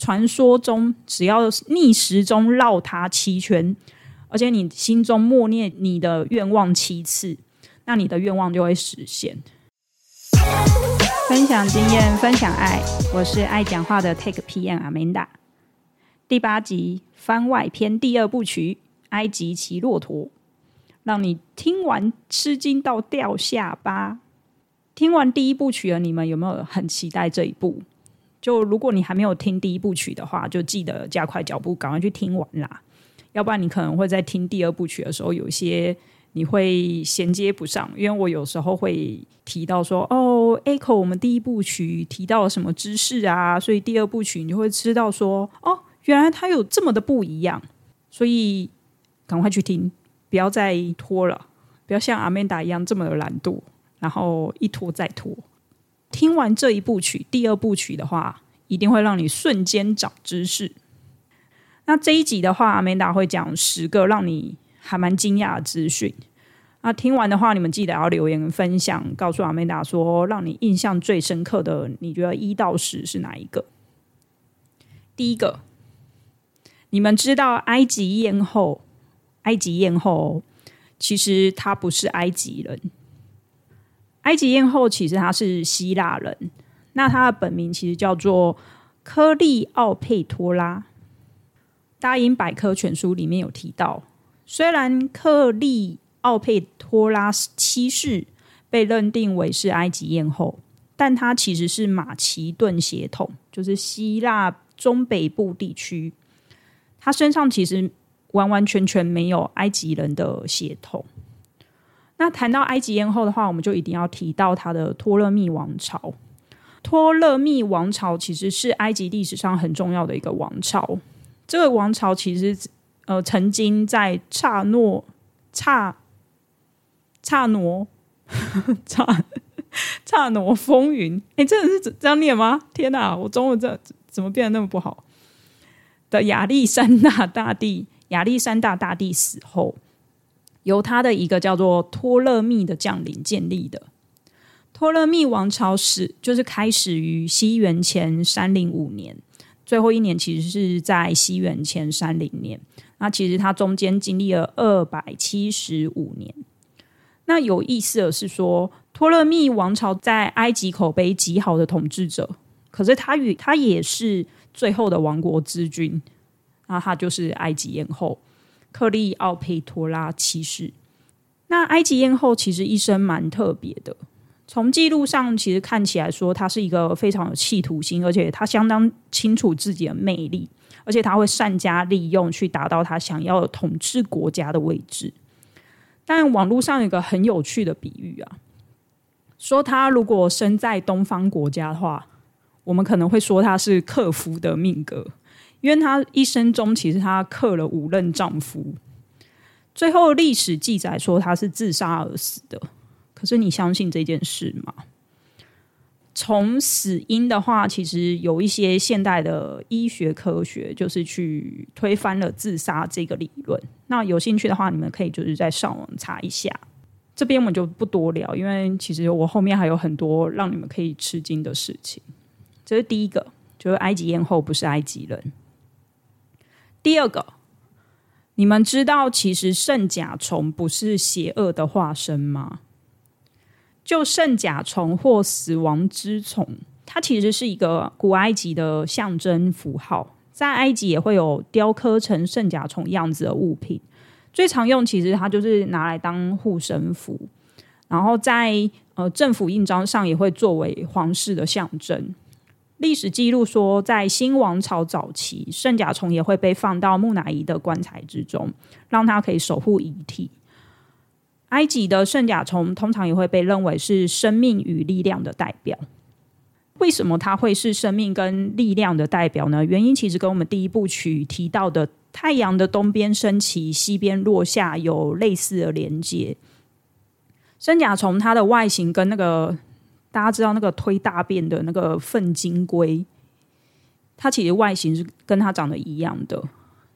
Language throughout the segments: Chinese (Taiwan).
傳說中，只要逆時鐘繞它七圈，而且你心中默念你的願望七次，那你的願望就會實現。分享經驗，分享愛，我是愛講話的 TechPM Amanda。第八集番外篇第二部曲：埃及騎駱駝，讓你聽完吃驚到掉下巴。聽完第一部曲了，你們有沒有很期待這一部？就如果你還沒有聽第一部曲的話，就記得加快腳步，趕快去聽完啦！要不然你可能會在聽第二部曲的時候，有些你會銜接不上。因為我有時候會提到說，哦，Echo，我們第一部曲提到了什麼知識啊，所以第二部曲你就會知道說，哦，原來它有這麼的不一樣。所以趕快去聽，不要再拖了，不要像阿曼達一樣這麼的懶惰，然後一拖再拖。聽完這一部曲，第二部曲的話，一定會讓你瞬間漲知識。那這一集的話，阿曼達會講十個讓你還蠻驚訝的資訊。那聽完的話，你們記得要留言分享，告訴阿曼達說，讓你印象最深刻的，你覺得一到十是哪一個？第一個，你們知道埃及豔後，埃及豔後其實她不是埃及人。埃及豔後其實她是希臘人，那她的本名其實叫做克利奧佩托拉。大英百科全書裡面有提到，雖然克利奧佩托拉七世被認定為是埃及豔後，但他其實是馬其頓血統，就是希臘中北部地區。他身上其實完完全全沒有埃及人的血統。那談到埃及艷後的話，我們就一定要提到他的托勒密王朝。托勒密王朝其實是埃及歷史上很重要的一個王朝。這個王朝其實，呃，曾經在差諾差差諾差差諾風雲。哎，真的是這這樣念嗎？天哪，我中文這怎麼變得那麼不好？的亞歷山大大帝，亞歷山大大帝死後，由他的一個叫做托勒密的將領建立的托勒密王朝是，就是開始於西元前三零五年，最後一年其實是在西元前三零年。那其實他中間經歷了二百七十五年。那有意思的是說，托勒密王朝在埃及口碑極好的統治者，可是他與他也是最後的亡國之君，那他就是埃及豔後。克利奧佩托拉七世，那埃及艷後其實一生蠻特別的。從記錄上其實看起來說，他是一個非常有企圖心，而且他相當清楚自己的魅力，而且他會善加利用去達到他想要的統治國家的位置。但網絡上有一個很有趣的比喻啊，說他如果生在東方國家的話，我們可能會說他是克夫的命格。因為他一生中其實他克了五任丈夫，最後歷史記載說他是自殺而死的。可是你相信這件事嗎？從死因的話，其實有一些現代的醫學科學就是去推翻了自殺這個理論。那有興趣的話，你們可以就是在上網查一下。這邊我就不多聊，因為其實我後面還有很多讓你們可以吃驚的事情。這是第一個，就是埃及艷後不是埃及人。第二個，你們知道其實聖甲蟲不是邪惡的化身嗎？就聖甲蟲或死亡之蟲，它其實是一個古埃及的象徵符號，在埃及也會有雕刻成聖甲蟲樣子的物品。最常用其實它就是拿來當護身符，然後在呃政府印章上也會作為皇室的象徵。歷史記錄說，在新王朝早期，聖甲蟲也會被放到木乃伊的棺材之中，讓他可以守護遺體。埃及的聖甲蟲通常也會被認為是生命與力量的代表。為什麼它會是生命跟力量的代表呢？原因其實跟我們第一部曲提到的“太陽的東邊升起，西邊落下”有類似的連接。聖甲蟲它的外形跟那個。大家知道那個推大便的那個糞金龜，它其實外形是跟它長得一樣的。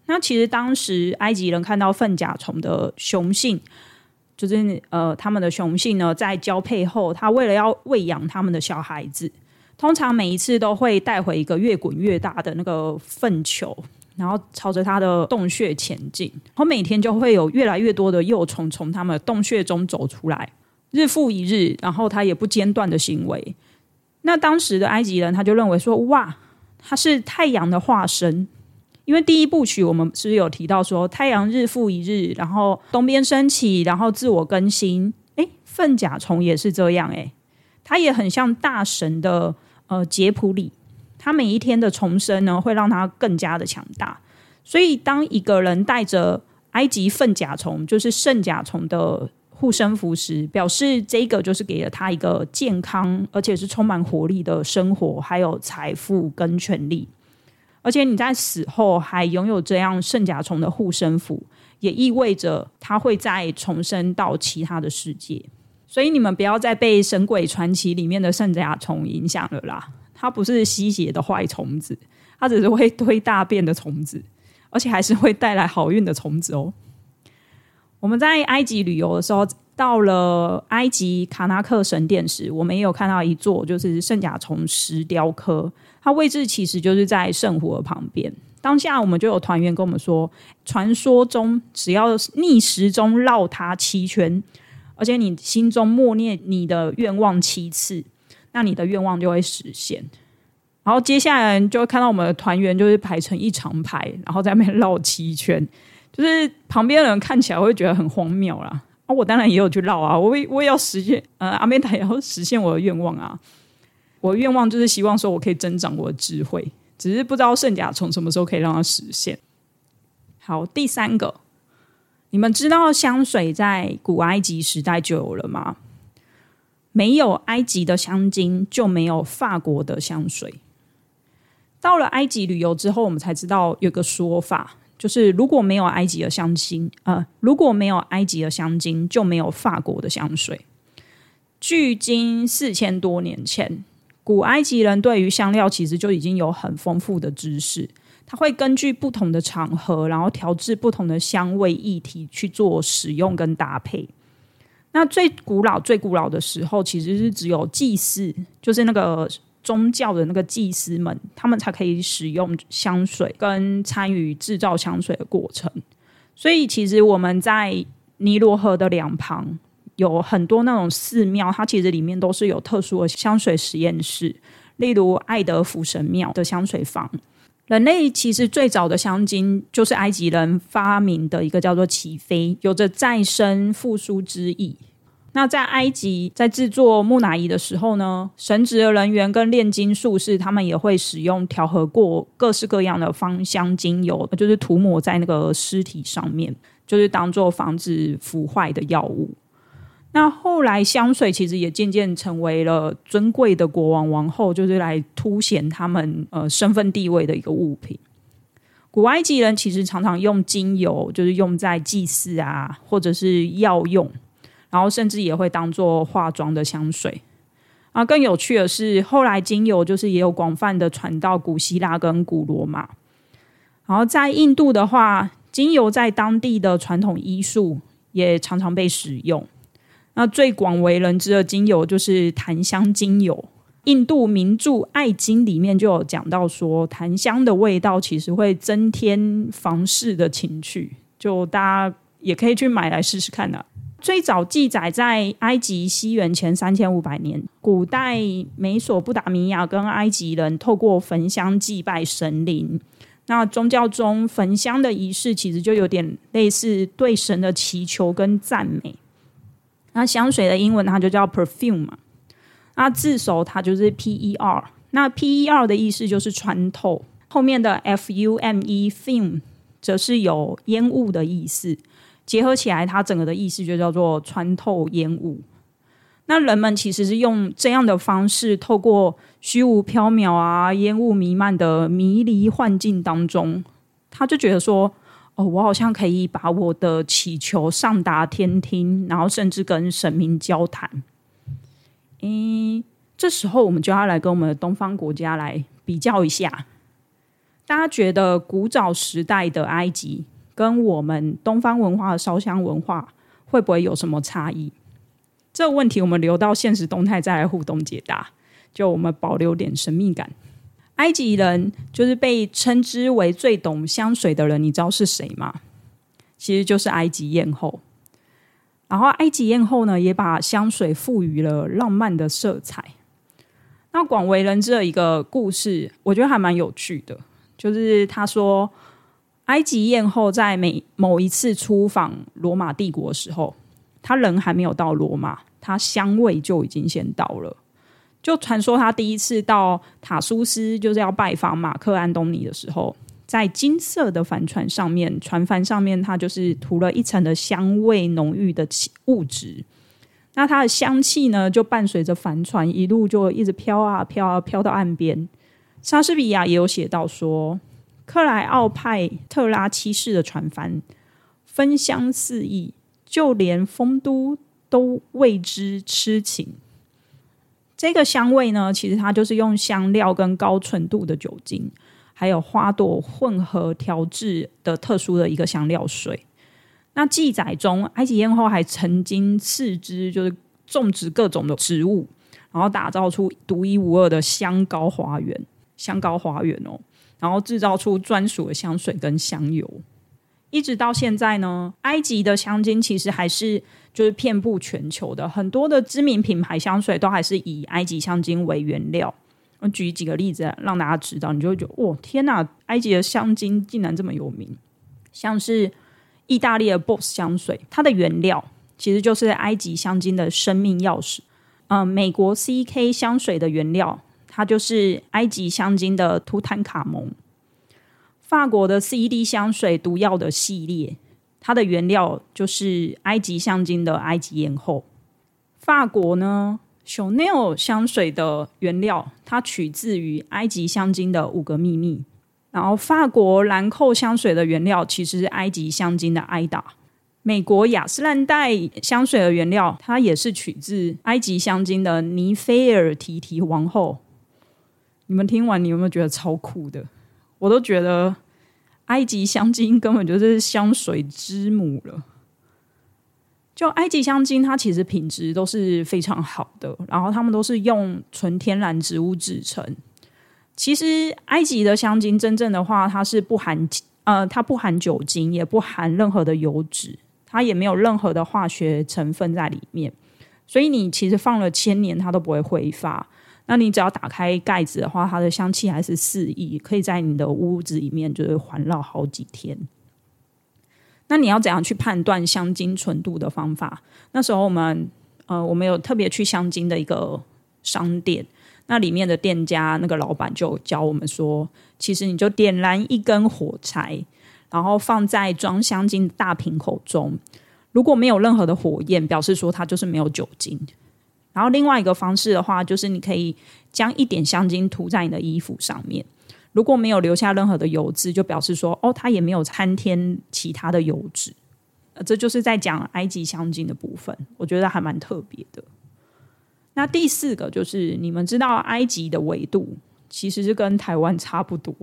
那其實當時埃及人看到糞甲蟲的雄性，就是呃，他們的雄性呢，在交配後，他為了要餵養他們的小孩子，通常每一次都會帶回一個越滾越大的那個糞球，然後朝着他的洞穴前進。然後每天就會有越來越多的幼蟲從他們的洞穴中走出來。日復一日，然後他也不間斷的行為。那當時的埃及人他就認為說：“哇，他是太陽的化身，因為第一部曲我們是有提到說太陽日復一日，然後東邊升起，然後自我更新。哎，糞甲蟲也是這樣，哎，他也很像大神的呃傑普里，他每一天的重生呢，會讓他更加的強大。所以當一個人帶着埃及糞甲蟲，就是聖甲蟲的護身符時，表示這個就是給了他一個健康，而且是充滿活力的生活，還有財富跟權力。而且你在死後還擁有這樣聖甲蟲的護身符，也意味着他會再重生到其他的世界。所以你們不要再被《神鬼傳奇》裡面的聖甲蟲影響了啦！它不是吸血的壞蟲子，它只是會推大便的蟲子，而且還是會帶來好運的蟲子哦。我們在埃及旅遊的時候，到了埃及卡納克神殿時，我們也有看到一座就是聖甲蟲石雕刻，它位置其實就是在聖湖的旁邊。當下我們就有團員跟我們說，傳說中只要逆時鐘繞它七圈，而且你心中默念你的願望七次，那你的願望就會實現。然後接下來就會看到我們的團員就是排成一長排，然後在那邊繞七圈。就是旁邊的人看起來會覺得很荒謬啦，啊，我當然也有去鬧啊，我也我也要實現，呃，阿曼達也要實現我的願望啊。我的願望就是希望說我可以增長我的智慧，只是不知道聖甲蟲什麼時候可以讓它實現。好，第三個，你們知道香水在古埃及時代就有了嗎？沒有埃及的香精，就沒有法國的香水。到了埃及旅遊之後，我們才知道有個說法。就是如果沒有埃及的香精，呃，如果沒有埃及的香精，就沒有法國的香水。距今四千多年前，古埃及人對於香料其實就已經有很豐富的知識。他會根據不同的場合，然後調製不同的香味液體，去做使用跟搭配。那最古老、最古老的時候，其實是只有祭祀，就是那個，宗教的那個祭司們，他們才可以使用香水跟參與製造香水的過程。所以，其實我們在尼羅河的兩旁有很多那種寺廟，它其實裡面都是有特殊的香水實驗室，例如愛德福神廟的香水房。人類其實最早的香精就是埃及人發明的一個叫做“齊飛”，有着再生復甦之意。那在埃及，在製作木乃伊的時候呢，神職的人員跟煉金術士，他們也會使用調和過各式各樣的芳香精油，就是塗抹在那個屍體上面，就是當做防止腐壞的藥物。那後來香水其實也漸漸成為了尊貴的國王、王後，就是來凸顯他們呃身份地位的一個物品。古埃及人其實常常用精油，就是用在祭祀啊，或者是藥用。然後甚至也會當做化妝的香水。啊，更有趣的是，後來精油就是也有廣泛的傳到古希臘跟古羅馬。然後在印度的話，精油在當地的傳統醫術也常常被使用。那最廣為人知的精油就是檀香精油。印度名著《愛經》裡面就有講到說，檀香的味道其實會增添房事的情趣，就大家也可以去買來試試看的啊。最早記載在埃及西元前三千五百年，古代美索不達米亞跟埃及人透過焚香祭拜神靈。那宗教中焚香的儀式，其實就有點類似對神的祈求跟讚美。那香水的英文它就叫 perfume 嘛。那字首它就是 p e r，那 p e r 的意思就是穿透，後面的 f u m e fume 則是有煙霧的意思。結合起來，它整個的意思就叫做穿透煙霧。那人們其實是用這樣的方式，透過虛無縹緲啊、煙霧瀰漫的迷離幻境，當中，他就覺得說：“哦，我好像可以把我的祈求上達天聽，然後甚至跟神明交談。”誒，這時候我們就要來跟我們的東方國家來比較一下，大家覺得古早時代的埃及，跟我們東方文化的燒香文化會不會有什麼差異？這個問題我們留到現實動態再來互動解答，就我們保留點神秘感。埃及人就是被稱之為最懂香水的人，你知道是誰嗎？其實就是埃及豔後。然後埃及豔後呢，也把香水賦予了浪漫的色彩。那廣為人知的一個故事，我覺得還蠻有趣的，就是他說。埃及艷後在每某一次出訪羅馬帝國的時候，他人還沒有到羅馬，他香味就已經先到了。就傳說他第一次到塔蘇斯，就是要拜訪馬克安東尼的時候，在金色的帆船上面，船帆上面他就是塗了一層的香味濃郁的物質。那它的香氣呢，就伴隨着帆船一路就一直飄啊飄啊飄到岸邊。莎士比亞也有寫到說。克萊奧派特拉七世的船帆，芬香四溢，就連風都都為之痴情。這個香味呢，其實它就是用香料跟高純度的酒精，還有花朵混合調制的特殊的一個香料水。那記載中，埃及艷後還曾經次之，就是種植各種的植物，然後打造出獨一無二的香膏花園。香膏花園哦。然後製造出專屬的香水跟香油，一直到現在呢，埃及的香精其實還是就是遍布全球的，很多的知名品牌香水都還是以埃及香精為原料。我舉幾個例子讓大家知道，你就會覺得哇、哦，天哪，埃及的香精竟然這麼有名！像是意大利的 Boss 香水，它的原料其實就是埃及香精的生命鑰匙。嗯，美國 CK 香水的原料。它就是埃及香精的圖坦卡蒙，法國的 CD 香水毒藥的系列，它的原料就是埃及香精的埃及艷後。法國呢，Chanel 香水的原料，它取自於埃及香精的五個秘密。然後法國蘭蔻香水的原料其實是埃及香精的艾達。美國雅詩蘭黛香水的原料，它也是取自埃及香精的尼菲爾提提王後。你們聽完，你有沒有覺得超酷的？我都覺得埃及香精根本就是香水之母了。就埃及香精，它其實品質都是非常好的，然後他們都是用純天然植物制成。其實埃及的香精真正的話，它是不含呃，它不含酒精，也不含任何的油脂，它也沒有任何的化學成分在裡面，所以你其實放了千年，它都不會揮發。那你只要打開蓋子的話，它的香氣還是四溢，可以在你的屋子裡面就是環繞好幾天。那你要怎樣去判斷香精純度的方法？那時候我們呃，我們有特別去香精的一個商店，那裡面的店家那個老闆就教我們說，其實你就點燃一根火柴，然後放在裝香精的大瓶口中，如果沒有任何的火焰，表示說它就是沒有酒精。然後另外一個方式的話，就是你可以將一點香精塗在你的衣服上面，如果沒有留下任何的油脂，就表示說哦，它也沒有摻添其他的油脂。這就是在講埃及香精的部分，我覺得還蠻特別的。那第四個就是你們知道，埃及的緯度其實是跟台灣差不多，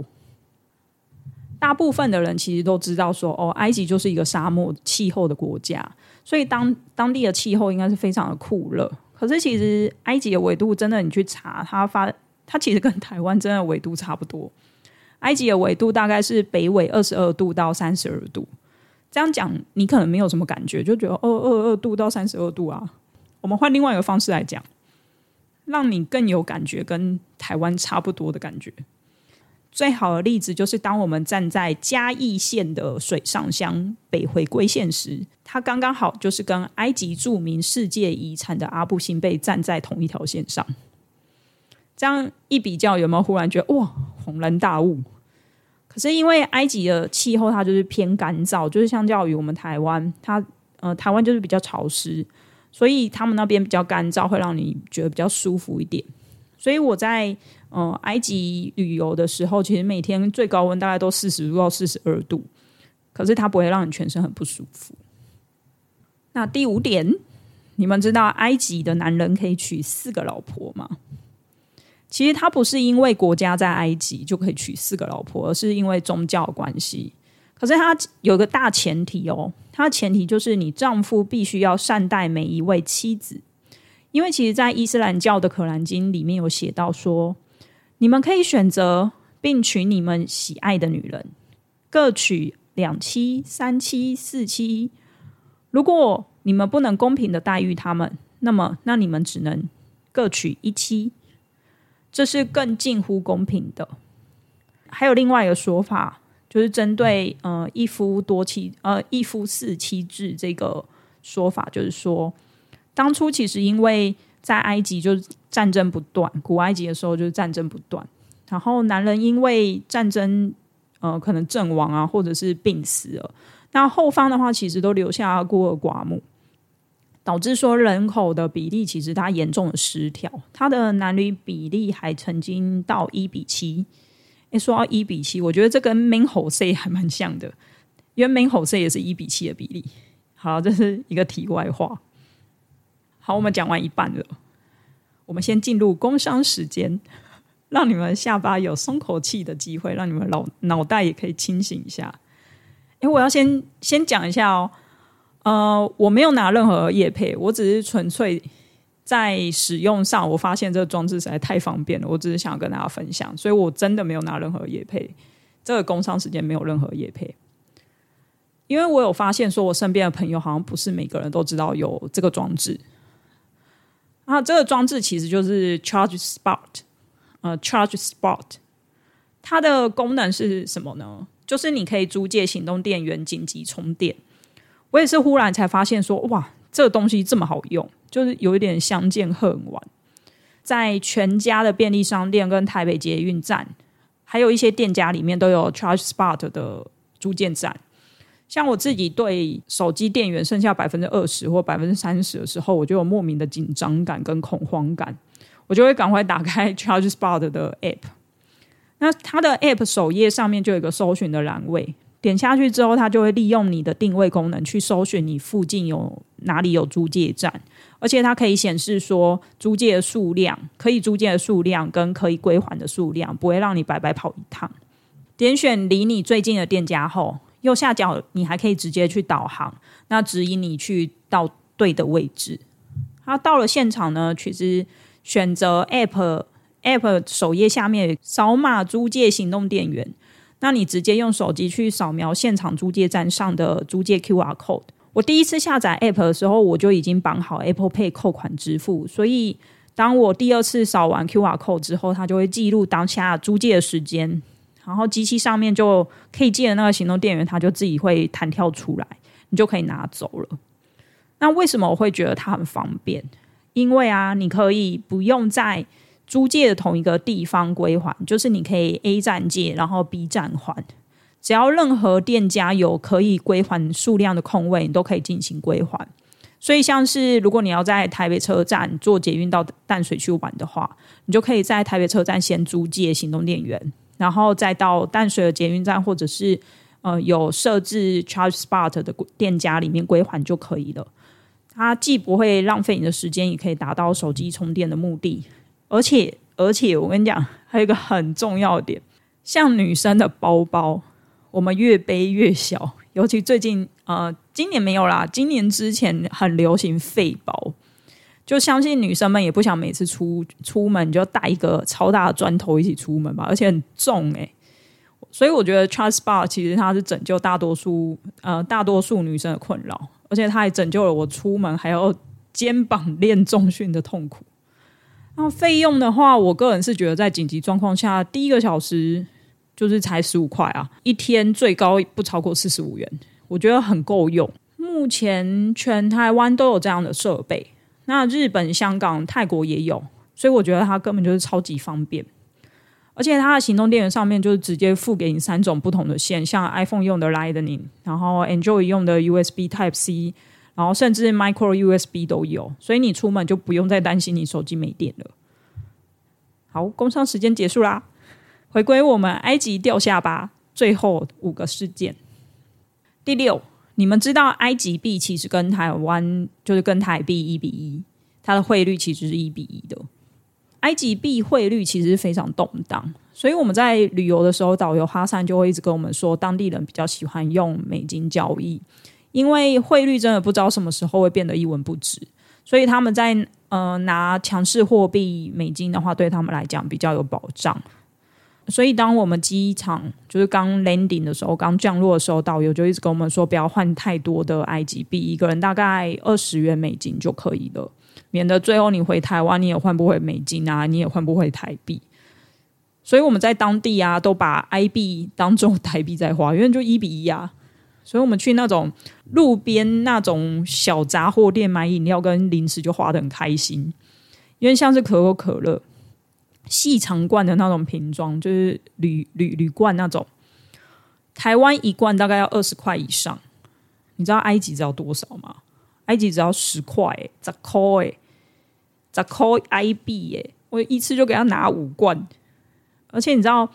大部分的人其實都知道說哦，埃及就是一個沙漠氣候的國家，所以當當地的氣候應該是非常的酷熱。可是其實埃及的緯度真的，你去查，它發它其實跟台灣真的緯度差不多。埃及的緯度大概是北緯二十二度到三十二度。這樣講你可能沒有什麼感覺，就覺得哦，二二度到三十二度啊。我們換另外一個方式來講，讓你更有感覺，跟台灣差不多的感覺。最好的例子就是，當我們站在嘉義縣的水上鄉北回歸線時。它剛剛好就是跟埃及著名世界遺產的阿布辛貝站在同一條線上，這樣一比較，有沒有忽然覺得哇，恍然大悟？可是因為埃及的氣候，它就是偏乾燥，就是相較於我們台灣，它呃台灣就是比較潮濕，所以他們那邊比較乾燥，會讓你覺得比較舒服一點。所以我在呃埃及旅遊的時候，其實每天最高溫大概都四十度到四十二度，可是它不會讓你全身很不舒服。那第五點，你們知道埃及的男人可以娶四個老婆嗎？其實他不是因為國家在埃及就可以娶四個老婆，而是因為宗教關係。可是他有一個大前提哦，他的前提就是你丈夫必須要善待每一位妻子，因為其實在，在伊斯蘭教的《可蘭經》裡面有寫到說，你們可以選擇並娶你們喜愛的女人，各娶兩妻、三妻、四妻。如果你們不能公平地待遇他們，那麼那你們只能各娶一妻，這是更近乎公平的。還有另外一個說法，就是針對呃一夫多妻呃一夫四妻制這個說法，就是說當初其實因為在埃及就是戰爭不斷，古埃及的時候就是戰爭不斷，然後男人因為戰爭呃可能陣亡啊，或者是病死了。那後方的話，其實都留下了孤兒寡母，導致說人口的比例其實它嚴重的失調。它的男女比例還曾經到一比七。誒，說到一比七，我覺得這跟 Main Hole C 還蠻像的，因為 Main Hole C 也是一比七的比例。好，這是一個題外話。好，我們講完一半了，我們先進入工商時間，讓你們下巴有鬆口氣的機會，讓你們腦腦袋也可以清醒一下。哎，我要先先講一下哦，呃，我沒有拿任何業配，我只是純粹在使用上，我發現這個裝置實在太方便了，我只是想要跟大家分享，所以我真的沒有拿任何業配，這個工商時間沒有任何業配，因為我有發現，說我身邊的朋友好像不是每個人都知道有這個裝置，啊，這個裝置其實就是 Charge Spot，呃，Charge Spot，它的功能是什麼呢？就是你可以租借行動電源緊急充電，我也是忽然才發現說，哇，這個東西這麼好用，就是有一點相見恨晚。在全家的便利商店，跟台北捷運站，還有一些店家裡面都有 Charge Spot 的租借站。像我自己對手機電源剩下百分之二十或百分之三十的時候，我就有莫名的緊張感跟恐慌感，我就會趕快打開 Charge Spot 的 App。那它的 App 首頁上面就有一個搜尋的欄位，點下去之後，它就會利用你的定位功能去搜尋你附近有哪裡有租借站，而且它可以顯示說租借的數量，可以租借的數量跟可以歸還的數量，不會讓你白白跑一趟。點選離你最近的店家後，右下角你還可以直接去導航，那指引你去到對的位置。他、啊、到了現場呢，其實選擇 App。App 首頁下面掃碼租借行動電源，那你直接用手機去掃描現場租借站上的租借 QR Code。我第一次下載 App 的時候，我就已經綁好 Apple Pay 扣款支付，所以當我第二次掃完 QR Code 之後，它就會記錄當下租借的時間，然後機器上面就可以借的那個行動電源，它就自己會彈跳出來，你就可以拿走了。那為什麼我會覺得它很方便？因為啊，你可以不用再租借的同一個地方歸還，就是你可以 A 站借，然後 B 站還。只要任何店家有可以歸還數量的空位，你都可以進行歸還。所以，像是如果你要在台北車站坐捷運到淡水去玩的話，你就可以在台北車站先租借行動電源，然後再到淡水的捷運站，或者是呃有設置 Charge Spot 的店家裡面歸還就可以了。它既不會浪費你的時間，也可以達到手機充電的目的。而且而且，而且我跟你講，還有一個很重要的點，像女生的包包，我們越背越小。尤其最近，呃，今年沒有啦，今年之前很流行廢包，就相信女生們也不想每次出出門就帶一個超大的磚頭一起出門吧，而且很重誒、欸。所以我覺得 Trust Bar 其實它是拯救大多數呃大多數女生的困擾，而且它也拯救了我出門還要肩膀練重訓的痛苦。那費用的話，我個人是覺得在緊急狀況下，第一個小時就是才十五塊啊，一天最高不超過四十五元，我覺得很夠用。目前全台灣都有這樣的設備，那日本、香港、泰國也有，所以我覺得它根本就是超級方便。而且它的行動電源上面就是直接付給你三種不同的線，像 iPhone 用的 Lightning，然後 Android 用的 USB Type C。然後甚至 Micro USB 都有，所以你出門就不用再擔心你手機沒電了。好，工商時間結束啦，回歸我們埃及掉下巴最後五個事件。第六，你們知道埃及幣其實跟台灣就是跟台幣一比一，它的匯率其實是一比一的。埃及幣匯率其實是非常動盪，所以我們在旅遊的時候，導遊哈桑就會一直跟我們說，當地人比較喜歡用美金交易。因為匯率真的不知道什麼時候會變得一文不值，所以他們在呃拿強勢貨幣美金的話，對他們來講比較有保障。所以當我們機場就是剛 landing 的時候，剛降落的時候，導遊就一直跟我們說，不要換太多的埃及幣，一個人大概二十元美金就可以了，免得最後你回台灣你也換不回美金啊，你也換不回台幣。所以我們在當地啊，都把 I B 當作台幣在花，因為就一比一啊。所以我們去那種路邊那種小雜貨店買飲料跟零食，就花得很開心，因為像是可口可樂細長罐的那種瓶裝，就是鋁鋁鋁罐那種，台灣一罐大概要二十塊以上。你知道埃及只要多少嗎？埃及只要十塊、欸，十箍哎？十箍埃幣哎，我一次就給他拿五罐，而且你知道。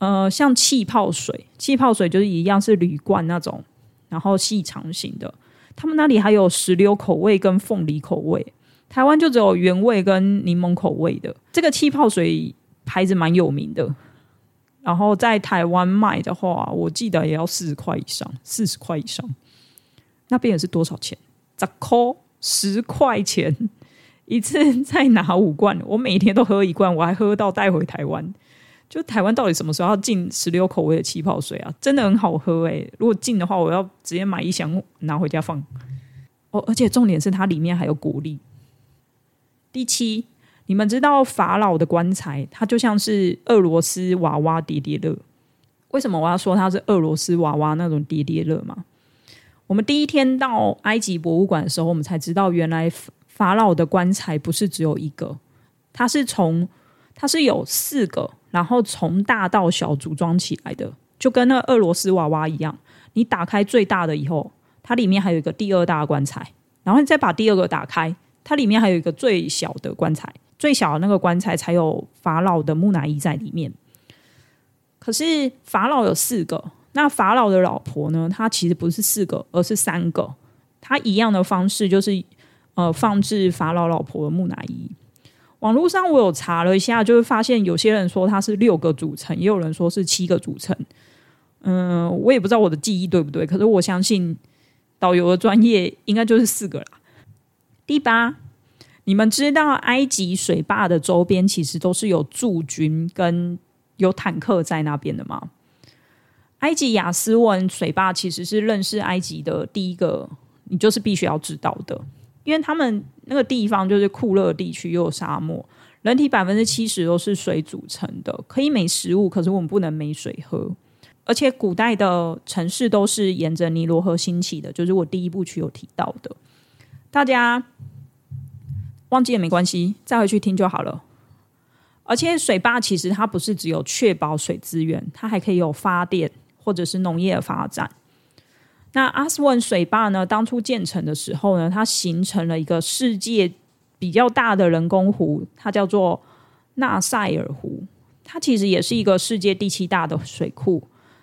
呃，像氣泡水，氣泡水就是一樣是鋁罐那種，然後細長型的。他們那裡還有石榴口味跟鳳梨口味，台灣就只有原味跟檸檬口味的。這個氣泡水牌子蠻有名的，然後在台灣賣的話，我記得也要四十塊以上，四十塊以上。那邊也是多少錢？十塊，十塊錢一次，再拿五罐。我每天都喝一罐，我還喝到帶回台灣。就台灣到底什麼時候要進石榴口味的氣泡水啊？真的很好喝誒、欸。如果進的話，我要直接買一箱拿回家放。哦，而且重點是它裡面還有果粒。第七，你們知道法老的棺材，它就像是俄羅斯娃娃疊疊樂。為什麼我要說它是俄羅斯娃娃那種疊疊樂嗎？我們第一天到埃及博物館的時候，我們才知道原來法老的棺材不是只有一個，它是從它是有四個。然後從大到小組裝起來的，就跟那個俄羅斯娃娃一樣。你打開最大的以後，它裡面還有一個第二大的棺材，然後你再把第二個打開，它裡面還有一個最小的棺材。最小的那個棺材才有法老的木乃伊在裡面。可是法老有四個，那法老的老婆呢？他其實不是四個，而是三個。他一樣的方式，就是呃放置法老老婆的木乃伊。網絡上我有查了一下，就會、是、發現有些人說它是六個組成，也有人說是七個組成。嗯、呃，我也不知道我的記憶對不對，可是我相信導遊的專業應該就是四個啦。第八，你們知道埃及水壩的周邊其實都是有駐軍跟有坦克在那邊的嗎？埃及亞斯文水壩其實是認識埃及的第一個，你就是必須要知道的。因為他們那個地方就是酷熱地區，又有，有沙漠，人體百分之七十都是水組成的，可以沒食物，可是我們不能沒水喝。而且古代的城市都是沿着尼羅河興起的，就是我第一部曲有提到的，大家忘記也沒關係，再回去聽就好了。而且水壩其實它不是只有確保水資源，它還可以有發電或者是農業的發展。那阿斯文水壩呢？當初建成的時候呢，它形成了一個世界比較大的人工湖，它叫做納賽爾湖。它其實也是一個世界第七大的水庫。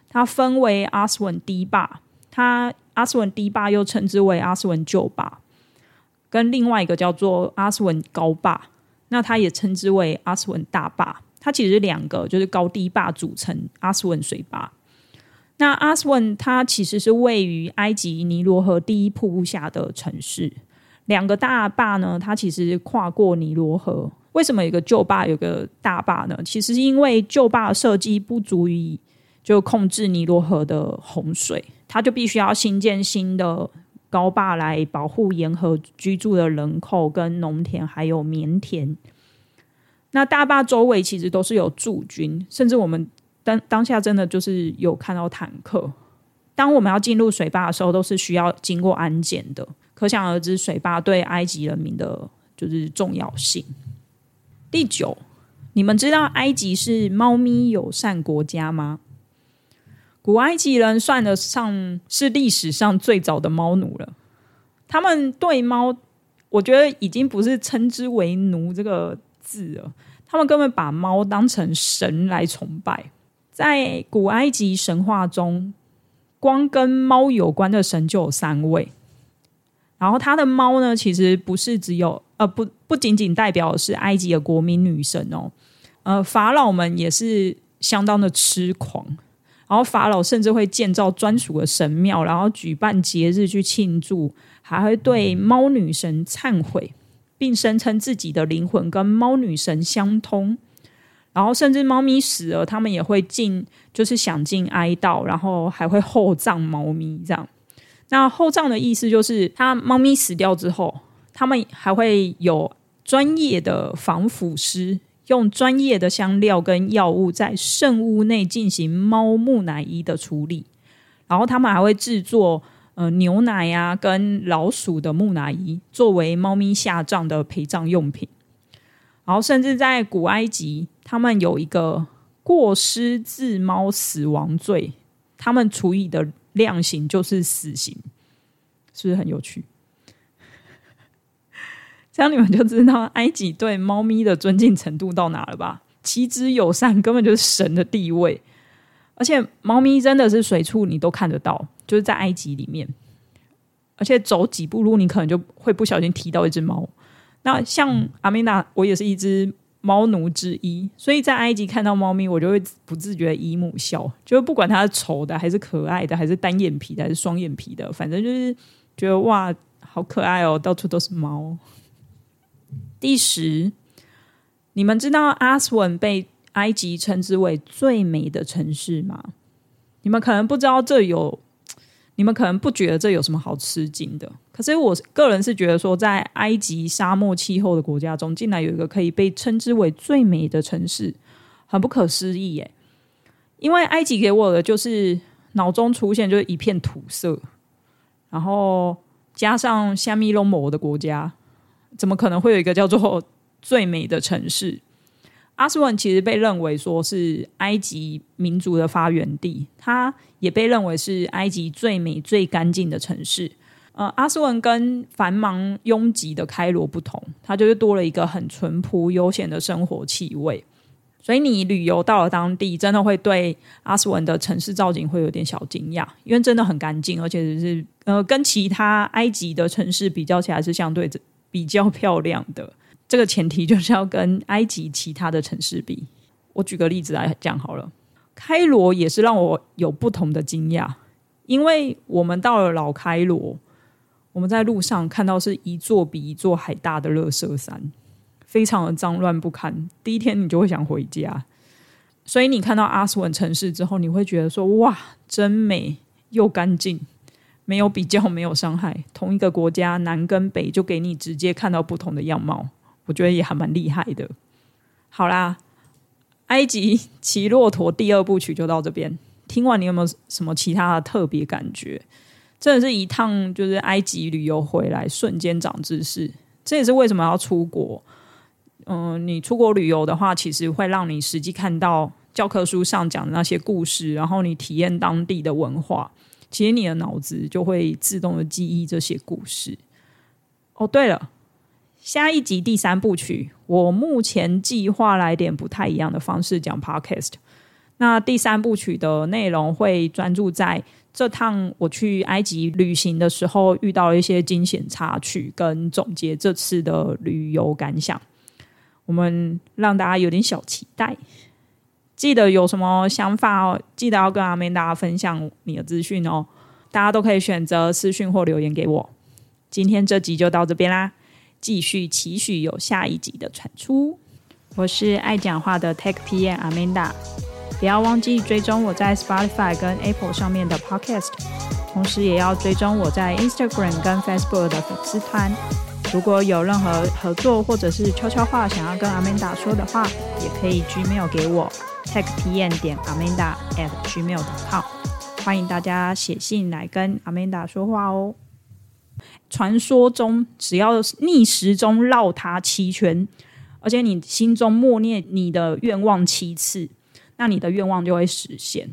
它分為阿斯文堤壩，它阿斯文堤壩又稱之為阿斯文舊壩，跟另外一個叫做阿斯文高壩。那它也稱之為阿斯文大壩。它其實是兩個，就是高低壩組成阿斯文水壩。那 Aswan 它其實是位於埃及尼羅河第一瀑布下的城市。兩個大壩呢，它其實跨過尼羅河。為什麼有個舊壩，有個大壩呢？其實是因為舊壩設計不足以就控制尼羅河的洪水，它就必須要新建新的高壩來保護沿河居住的人口、跟農田還有棉田。那大壩周圍其實都是有駐軍，甚至我們。當當下真的就是有看到坦克。當我們要進入水壩的時候，都是需要經過安檢的。可想而知，水壩對埃及人民的就是重要性。第九，你們知道埃及是貓咪友善國家嗎？古埃及人算得上是歷史上最早的貓奴了。他們對貓，我覺得已經不是稱之為奴這個字了。他們根本把貓當成神來崇拜。在古埃及神話中，光跟貓有關的神就有三位。然後他的貓呢，其實不是只有，呃，不不僅僅代表是埃及的國民女神哦，呃，法老們也是相當的痴狂。然後法老甚至會建造專屬的神廟，然後舉辦節日去慶祝，還會對貓女神懺悔，並聲稱自己的靈魂跟貓女神相通。然後，甚至貓咪死了，他們也會盡就是想盡哀悼，然後還會厚葬貓咪這樣，那厚葬的意思就是，他貓咪死掉之後，他們還會有專業的防腐師，用專業的香料跟藥物在聖屋內進行貓木乃伊的處理。然後，他們還會製作呃牛奶呀、啊、跟老鼠的木乃伊，作為貓咪下葬的陪葬用品。然後，甚至在古埃及，他們有一個過失致貓死亡罪，他們處以的量刑就是死刑，是不是很有趣？這樣你們就知道埃及對貓咪的尊敬程度到哪了吧？豈止友善，根本就是神的地位。而且，貓咪真的是隨處你都看得到，就是在埃及裡面，而且走幾步路，你可能就會不小心踢到一只貓。那像阿米娜，我也是一隻貓奴之一，所以在埃及看到貓咪，我就會不自覺的姨母笑，就是不管它是醜的，還是可愛的，還是單眼皮的，還是雙眼皮的，反正就是覺得哇，好可愛哦，喔！到處都是貓。第十，你們知道阿斯文被埃及稱之為最美的城市嗎？你們可能不知道，這有，你們可能不覺得這有什麼好吃驚的。可是，我個人是覺得說，在埃及沙漠氣候的國家中，竟然有一個可以被稱之為最美的城市，很不可思議耶，因為埃及給我的就是腦中出現就是一片土色，然後加上沙米隆摩的國家，怎麼可能會有一個叫做最美的城市？阿斯文其實被認為說是埃及民族的發源地，它也被認為是埃及最美最乾淨的城市。呃，阿斯文跟繁忙擁擠的開羅不同，它就是多了一個很淳樸悠閒的生活氣味。所以你旅遊到了當地，真的會對阿斯文的城市造景會有點小驚訝，因為真的很乾淨，而且、就是呃，跟其他埃及的城市比較起來是相對比較漂亮的。這個前提就是要跟埃及其他的城市比。我舉個例子來講好了，開羅也是讓我有不同的驚訝，因為我們到了老開羅。我們在路上看到是一座比一座還大的垃圾山，非常的髒亂不堪。第一天你就會想回家。所以你看到阿斯文城市之後，你會覺得說：“哇，真美又乾淨，沒有比較，沒有傷害。”同一個國家南跟北就給你直接看到不同的樣貌，我覺得也還蠻厲害的。好啦，埃及騎駱駝第二部曲就到這邊。聽完你有沒有什麼其他的特別感覺？真的是一趟就是埃及旅遊回來，瞬間長知識。這也是為什麼要出國。嗯、呃，你出國旅遊的話，其實會讓你實際看到教科書上講的那些故事，然後你體驗當地的文化，其實你的腦子就會自動的記憶這些故事。哦，對了，下一集第三部曲，我目前計劃來點不太一樣的方式講 podcast。那第三部曲的內容會專注在。這趟我去埃及旅行的時候，遇到了一些驚險插曲，跟總結這次的旅遊感想，我們讓大家有點小期待。記得有什麼想法哦，記得要跟 Amanda 分享你的資訊哦。大家都可以選擇私訊或留言給我。今天這集就到這邊啦，繼續期許有下一集的產出。我是愛講話的 TechPM Amanda，不要忘記追蹤我在 Spotify 跟 Apple 上面的 Podcast，同時也要追蹤我在 Instagram 跟 Facebook 的粉絲團。如果有任何合作或者是悄悄話想要跟 Amanda 說的話，也可以 Gmail 給我 tech 體驗點 Amanda at Gmail 的號。歡迎大家寫信來跟 Amanda 說話哦。傳說中，只要逆時針繞它七圈，而且你心中默念你的願望七次。那你的願望就會實現。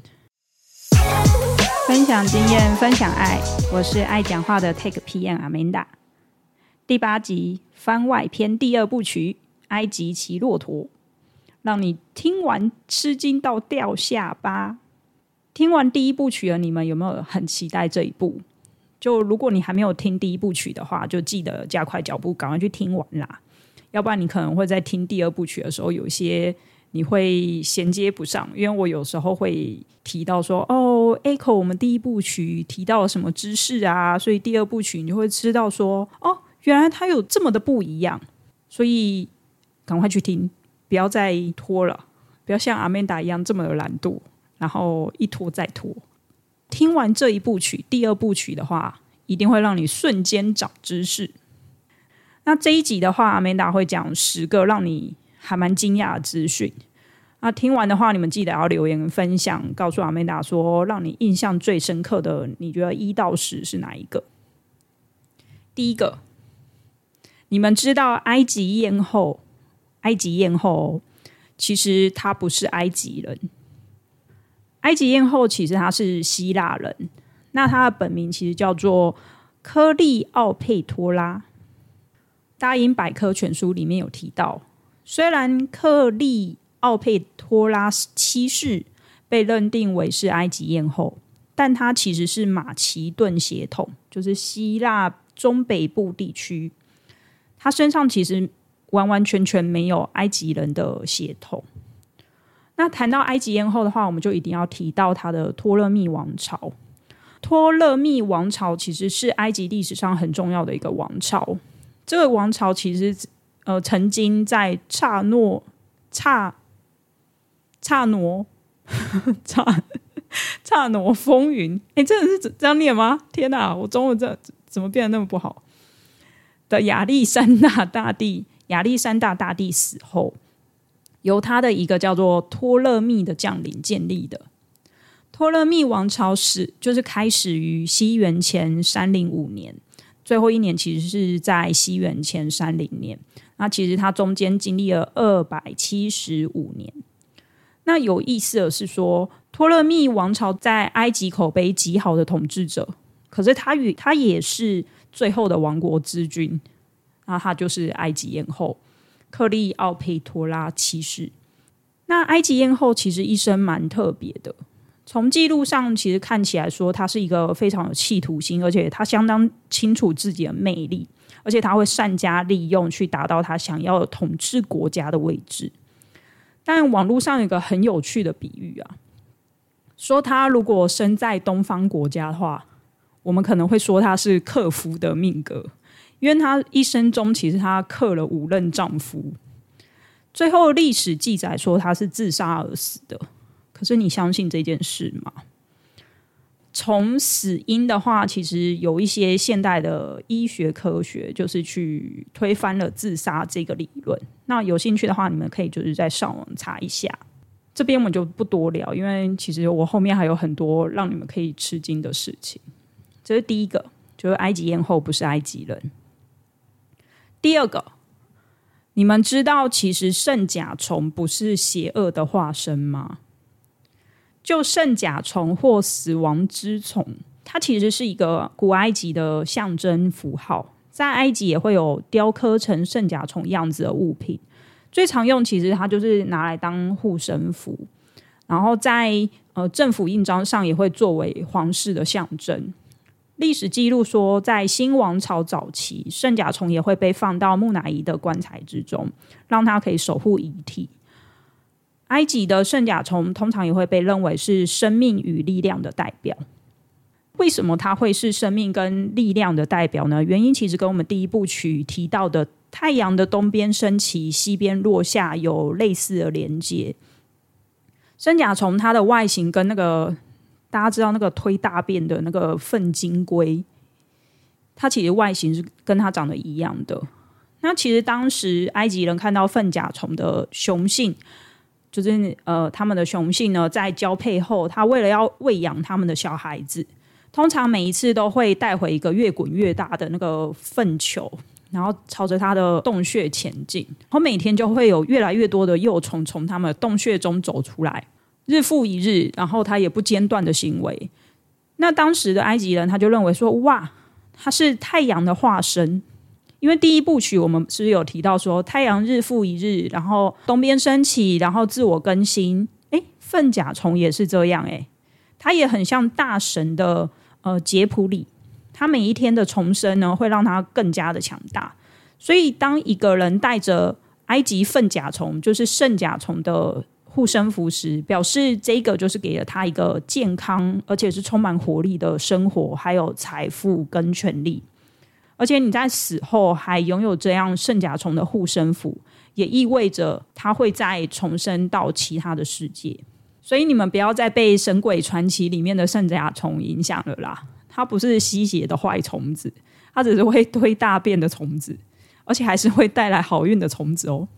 分享經驗，分享愛。我是愛講話的 TechPM Amanda。第八集番外篇第二部曲：埃及騎駱駝，讓你聽完吃驚到掉下巴。聽完第一部曲了，你們有沒有很期待這一部？就如果你還沒有聽第一部曲的話，就記得加快腳步，趕快去聽完啦。要不然你可能會在聽第二部曲的時候有一些。你會銜接不上，因為我有時候會提到說，哦，Echo 我們第一部曲提到了什麼知識啊，所以第二部曲你就會知道說，哦，原來它有這麼的不一樣，所以趕快去聽，不要再拖了，不要像阿曼達一樣這麼的懶惰，然後一拖再拖。聽完這一部曲，第二部曲的話，一定會讓你瞬間找知識。那這一集的話，阿曼達會講十個讓你。還蠻驚訝的資訊那、啊、聽完的話，你們記得要留言分享，告訴阿美達說，讓你印象最深刻的，你覺得一到十是哪一個？第一個，你們知道埃及艷後？埃及艷後其實他不是埃及人，埃及艷後其實他是希臘人。那他的本名其實叫做科利奧佩托拉。大英百科全書裡面有提到。雖然克利奧佩托拉七世被認定為是埃及豔後，但她其實是馬其頓血統，就是希臘中北部地區。她身上其實完完全全沒有埃及人的血統。那談到埃及豔後的話，我們就一定要提到她的托勒密王朝。托勒密王朝其實是埃及歷史上很重要的一個王朝，這個王朝其實。呃，曾經在岔諾岔岔諾岔岔諾風雲，哎，真的是這這樣念嗎？天哪，我中文這怎麼變得那麼不好？的亞歷山大大帝，亞歷山大大帝死後，由他的一個叫做托勒密的將領建立的托勒密王朝史，就是開始於西元前三零五年。最後一年其實是在西元前三零年，那其實他中間經歷了二百七十五年。那有意思的是說，托勒密王朝在埃及口碑極好的統治者，可是他與他也是最後的亡國之君，那他就是埃及艷後克利奧佩托拉七世。那埃及艷後其實一生蠻特別的。從記錄上其實看起來說他是一個非常有企圖心，而且他相當清楚自己的魅力，而且他會善加利用去達到他想要的統治國家的位置。但網絡上有一個很有趣的比喻啊，說他如果生在東方國家的話，我們可能會說他是克夫的命格，因為他一生中其實他克了五任丈夫，最後歷史記載說他是自殺而死的。可是你相信這件事嗎？從死因的話，其實有一些現代的醫學科學就是去推翻了自殺這個理論。那有興趣的話，你們可以就是在上網查一下。這邊我就不多聊，因為其實我後面還有很多讓你們可以吃驚的事情。這是第一個，就是埃及艷後不是埃及人。第二個，你們知道其實聖甲蟲不是邪惡的化身嗎？就聖甲蟲或死亡之蟲，它其實是一個古埃及的象徵符號，在埃及也會有雕刻成聖甲蟲樣子的物品。最常用其實它就是拿來當護身符，然後在呃政府印章上也會作為皇室的象徵。歷史記錄說，在新王朝早期，聖甲蟲也會被放到木乃伊的棺材之中，讓它可以守護遺體。埃及的聖甲蟲通常也會被認為是生命與力量的代表。為什麼它會是生命跟力量的代表呢？原因其實跟我們第一部曲提到的“太陽的東邊升起，西邊落下”有類似的連接。聖甲蟲它的外形跟那個大家知道那個推大便的那個糞金龜，它其實外形是跟它長得一樣的。那其實當時埃及人看到糞甲蟲的雄性。就是呃，他們的雄性呢，在交配後，他為了要餵養他們的小孩子，通常每一次都會帶回一個越滾越大的那個糞球，然後朝着他的洞穴前進。然後每天就會有越來越多的幼蟲從他們的洞穴中走出來，日復一日，然後他也不間斷的行為。那當時的埃及人他就認為說，哇，他是太陽的化身。因為第一部曲我們是不是有提到說太陽日復一日，然後東邊升起，然後自我更新。哎，糞甲蟲也是這樣，哎，它也很像大神的呃杰普里，它每一天的重生呢，會讓它更加的強大。所以當一個人帶着埃及糞甲蟲，就是聖甲蟲的護身符時，表示這個就是給了他一個健康，而且是充滿活力的生活，還有財富跟權力。而且你在死後還擁有這樣聖甲蟲的護身符，也意味着他會再重生到其他的世界。所以你們不要再被《神鬼傳奇》裡面的聖甲蟲影響了啦！它不是吸血的壞蟲子，它只是會推大便的蟲子，而且還是會帶來好運的蟲子哦。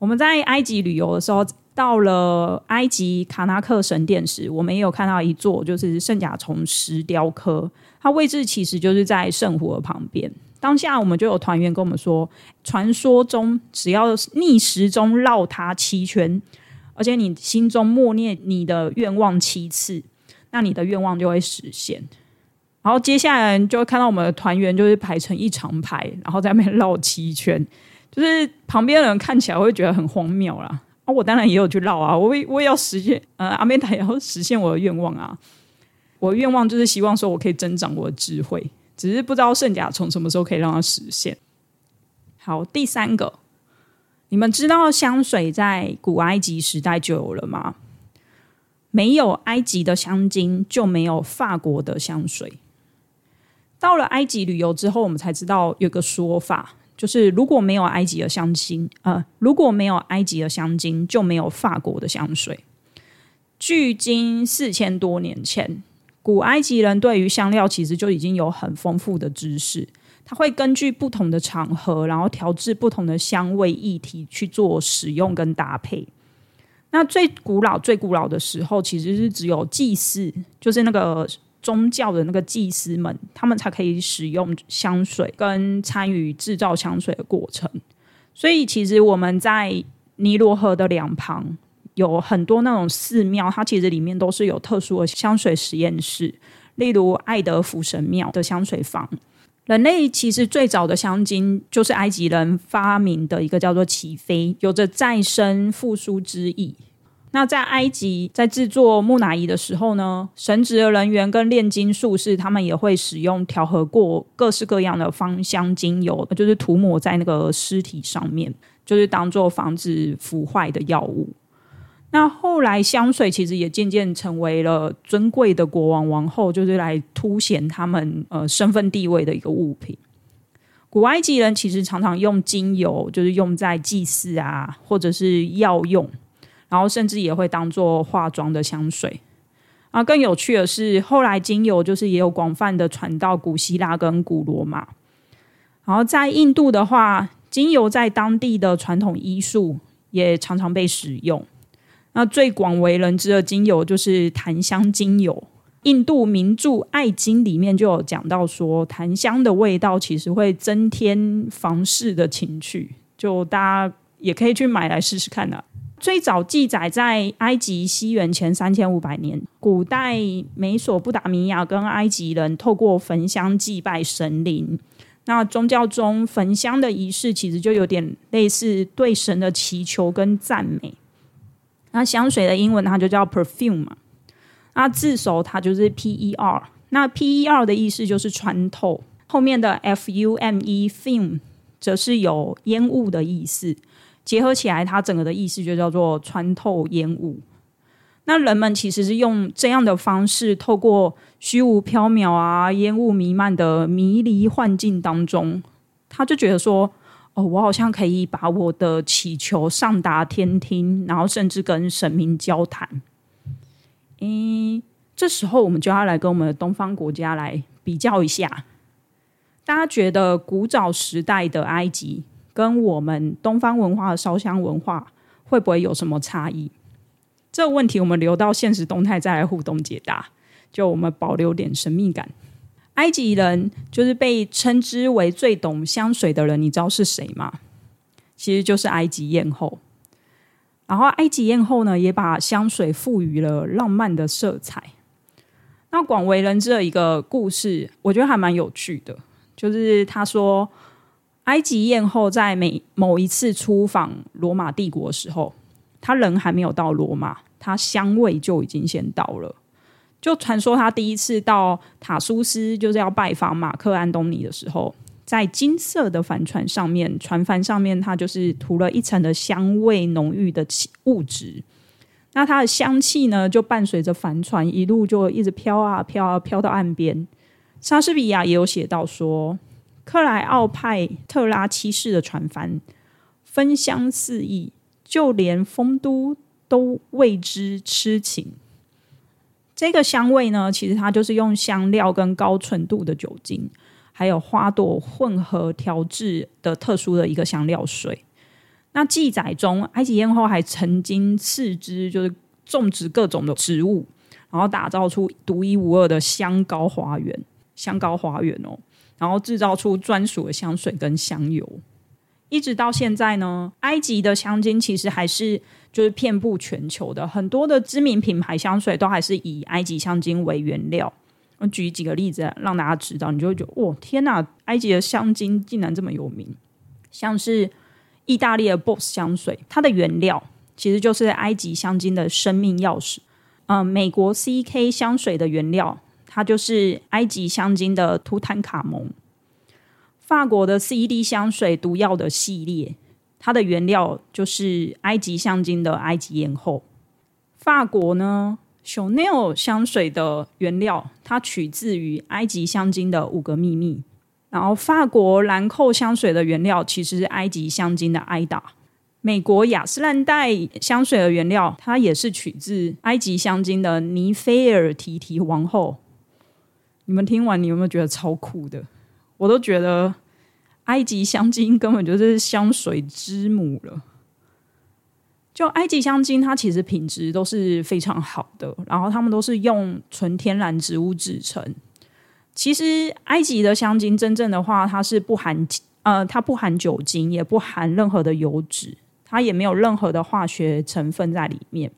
我們在埃及旅遊的時候。到了埃及卡納克神殿時，我們也有看到一座就是聖甲蟲石雕刻，它位置其實就是在聖湖的旁邊。當下我們就有團員跟我們說，傳說中只要逆時鐘繞它七圈，而且你心中默念你的願望七次，那你的願望就會實現。然後接下來就會看到我們的團員就是排成一長排，然後在那邊繞七圈，就是旁邊的人看起來會覺得很荒謬啦。啊，我當然也有去繞啊，我也我也要實現，呃，阿曼達也要實現我的願望啊。我的願望就是希望說我可以增長我的智慧，只是不知道聖甲蟲什麼時候可以讓它實現。好，第三個，你們知道香水在古埃及時代就有了嗎？沒有埃及的香精，就沒有法國的香水。到了埃及旅遊之後，我們才知道有個說法。就是如果沒有埃及的香精，呃，如果沒有埃及的香精，就沒有法國的香水。距今四千多年前，古埃及人對於香料其實就已經有很豐富的知識。他會根據不同的場合，然後調制不同的香味液體去做使用跟搭配。那最古老、最古老的時候，其實是只有祭祀，就是那個。宗教的那個祭司們，他們才可以使用香水跟參與製造香水的過程。所以，其實我們在尼羅河的兩旁有很多那種寺廟，它其實裡面都是有特殊的香水實驗室，例如愛德福神廟的香水房。人類其實最早的香精就是埃及人發明的，一個叫做起飛，有着再生復甦之意。那在埃及，在製作木乃伊的時候呢，神職的人員跟煉金術士，他們也會使用調和過各式各樣的芳香精油，就是塗抹在那個屍體上面，就是當做防止腐壞的藥物。那後來香水其實也漸漸成為了尊貴的國王王後，就是來凸顯他們呃身份地位的一個物品。古埃及人其實常常用精油，就是用在祭祀啊，或者是藥用。然後甚至也會當做化妝的香水啊！更有趣的是，後來精油就是也有廣泛的傳到古希臘跟古羅馬。然後在印度的話，精油在當地的傳統醫術也常常被使用。那最廣為人知的精油就是檀香精油。印度名著《愛經》裡面就有講到說，檀香的味道其實會增添房事的情趣，就大家也可以去買來試試看的啊。最早記載在埃及西元前三千五百年，古代美索不達米亞跟埃及人透過焚香祭拜神靈。那宗教中焚香的儀式，其實就有點類似對神的祈求跟讚美。那香水的英文它就叫 perfume 嘛。那字首它就是 p e r，那 p e r 的意思就是穿透，後面的 f u m e，fume 則是有煙霧的意思。結合起來，它整個的意思就叫做穿透煙霧。那人們其實是用這樣的方式，透過虛無縹緲啊、煙霧彌漫的迷離幻境當中，他就覺得說：“哦，我好像可以把我的祈求上達天聽，然後甚至跟神明交談。”嗯，這時候我們就要來跟我們的東方國家來比較一下，大家覺得古早時代的埃及，跟我們東方文化的燒香文化會不會有什麼差異？這個問題我們留到現實動態再來互動解答，就我們保留點神秘感。埃及人就是被稱之為最懂香水的人，你知道是誰嗎？其實就是埃及艷後。然後埃及艷後呢，也把香水賦予了浪漫的色彩。那廣為人知的一個故事，我覺得還蠻有趣的，就是他說，埃及艷後在每某一次出訪羅馬帝國的時候，他人還沒有到羅馬，他香味就已經先到了。就傳說，他第一次到塔蘇斯，就是要拜訪馬克安東尼的時候，在金色的帆船上面，船帆上面，他就是塗了一層的香味濃郁的物質。那它的香氣呢，就伴隨着帆船一路就一直飄啊飄啊飄到岸邊。莎士比亞也有寫到說，克萊奧派特拉七世的船帆，芬香四溢，就連風都都為之痴情。這個香味呢，其實它就是用香料跟高純度的酒精，還有花朵混合調制的特殊的一個香料水。那記載中，埃及豔後還曾經次之，就是種植各種的植物，然後打造出獨一無二的香膏花園。香膏花園哦。然後製造出專屬的香水跟香油，一直到現在呢，埃及的香精其實還是就是遍布全球的，很多的知名品牌香水都還是以埃及香精為原料。我舉幾個例子讓大家知道，你就會覺得哇，哦，天哪，埃及的香精竟然這麼有名！像是意大利的 Boss 香水，它的原料其實就是埃及香精的生命鑰匙。嗯，美國 CK 香水的原料。它就是埃及香精的圖坦卡蒙，法國的 CD 香水毒藥的系列，它的原料就是埃及香精的埃及艷後。法國呢，Chanel 香水的原料它取自於埃及香精的五個秘密。然後法國蘭蔻香水的原料其實是埃及香精的埃達。美國雅詩蘭黛香水的原料它也是取自埃及香精的尼菲爾提提王後。你們聽完，你有沒有覺得超酷的？我都覺得埃及香精根本就是香水之母了。就埃及香精，它其實品質都是非常好的，然後他們都是用純天然植物制成。其實埃及的香精真正的話，它是不含呃，它不含酒精，也不含任何的油脂，它也沒有任何的化學成分在裡面，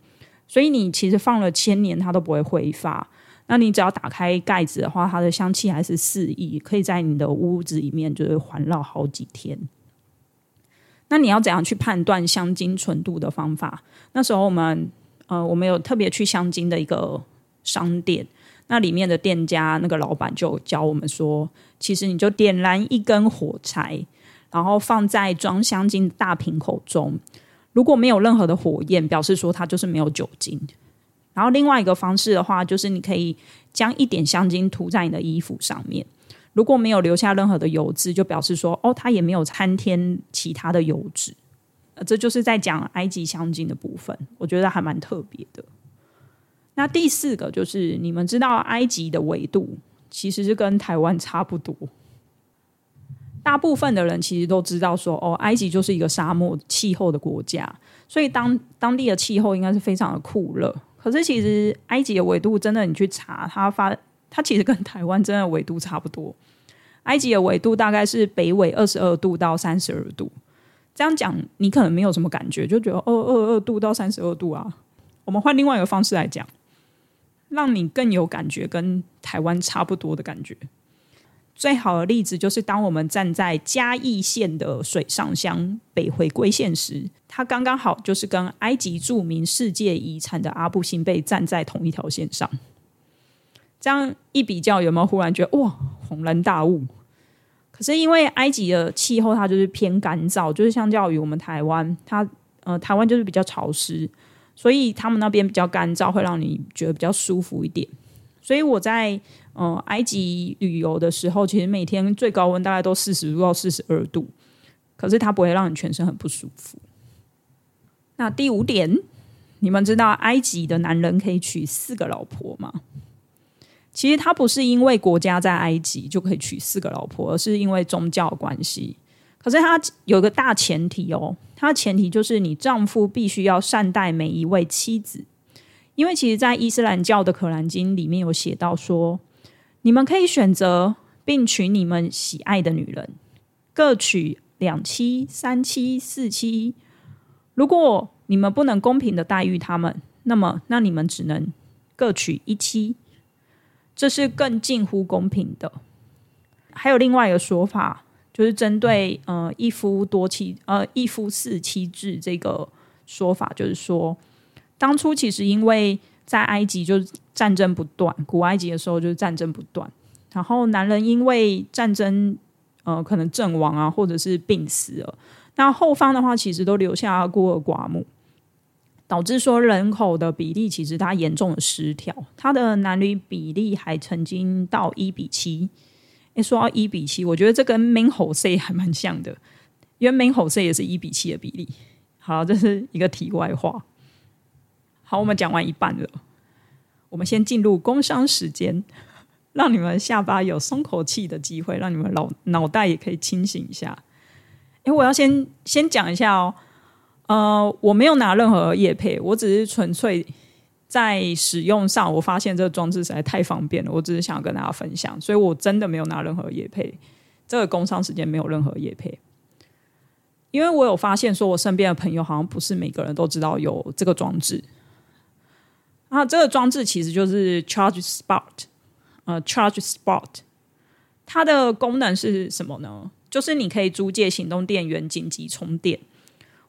所以你其實放了千年，它都不會揮發。那你只要打開蓋子的話，它的香氣還是四溢，可以在你的屋子裡面就是環繞好幾天。那你要怎樣去判斷香精純度的方法？那時候我們呃，我們有特別去香精的一個商店，那裡面的店家那個老闆就教我們說，其實你就點燃一根火柴，然後放在裝香精的大瓶口中，如果沒有任何的火焰，表示說它就是沒有酒精。然後另外一個方式的話，就是你可以將一點香精塗在你的衣服上面，如果沒有留下任何的油脂，就表示說哦，它也沒有摻添其他的油脂。這就是在講埃及香精的部分，我覺得還蠻特別的。那第四個就是你們知道，埃及的緯度其實是跟台灣差不多，大部分的人其實都知道說哦，埃及就是一個沙漠氣候的國家，所以當當地的氣候應該是非常的酷熱。可是其實埃及的緯度真的，你去查，它發他其實跟台灣真的緯度差不多。埃及的緯度大概是北緯二十二度到三十二度。這樣講你可能沒有什麼感覺，就覺得二二二度到三十二度啊。我們換另外一個方式來講，讓你更有感覺，跟台灣差不多的感覺。最好的例子就是，當我們站在嘉義縣的水上鄉北回歸線時，它剛剛好就是跟埃及著名世界遺產的阿布辛貝站在同一條線上。這樣一比較，有沒有忽然覺得哇，恍然大悟？可是因為埃及的氣候，它就是偏乾燥，就是相較於我們台灣，它呃、台灣就是比較潮濕，所以他們那邊比較乾燥，會讓你覺得比較舒服一點。所以我在嗯、呃、埃及旅遊的時候，其實每天最高溫大概都四十度到四十二度，可是它不會讓你全身很不舒服。那第五點，你們知道埃及的男人可以娶四個老婆嗎？其實他不是因為國家在埃及就可以娶四個老婆，而是因為宗教關係。可是他有個大前提哦，他的前提就是你丈夫必須要善待每一位妻子。因為其實在，在伊斯蘭教的《可蘭經》裡面有寫到說，你們可以選擇並娶你們喜愛的女人，各娶兩妻、三妻、四妻。如果你們不能公平的待遇他們，那麼那你們只能各娶一妻，這是更近乎公平的。還有另外一個說法，就是針對呃一夫多妻呃一夫四妻制這個說法，就是說。當初其實因為在埃及就是戰爭不斷，古埃及的時候就是戰爭不斷。然後男人因為戰爭，呃，可能陣亡啊，或者是病死了。那後方的話，其實都留下了孤兒寡母，導致說人口的比例其實它嚴重的失調。它的男女比例還曾經到一比七。誒，說到一比七，我覺得這跟明猴賽還蠻像的，因為明猴賽也是一比七的比例。好，這是一個題外話。好，我們講完一半了。我們先進入工商時間，讓你們下巴有鬆口氣的機會，讓你們腦腦袋也可以清醒一下。哎，我要先先講一下哦。呃，我沒有拿任何業配，我只是純粹在使用上，我發現這個裝置實在太方便了。我只是想要跟大家分享，所以我真的沒有拿任何業配。這個工商時間沒有任何業配，因為我有發現，說我身邊的朋友好像不是每個人都知道有這個裝置。啊，這個裝置其實就是 Charge Spot，呃，Charge Spot，它的功能是什麼呢？就是你可以租借行動電源緊急充電。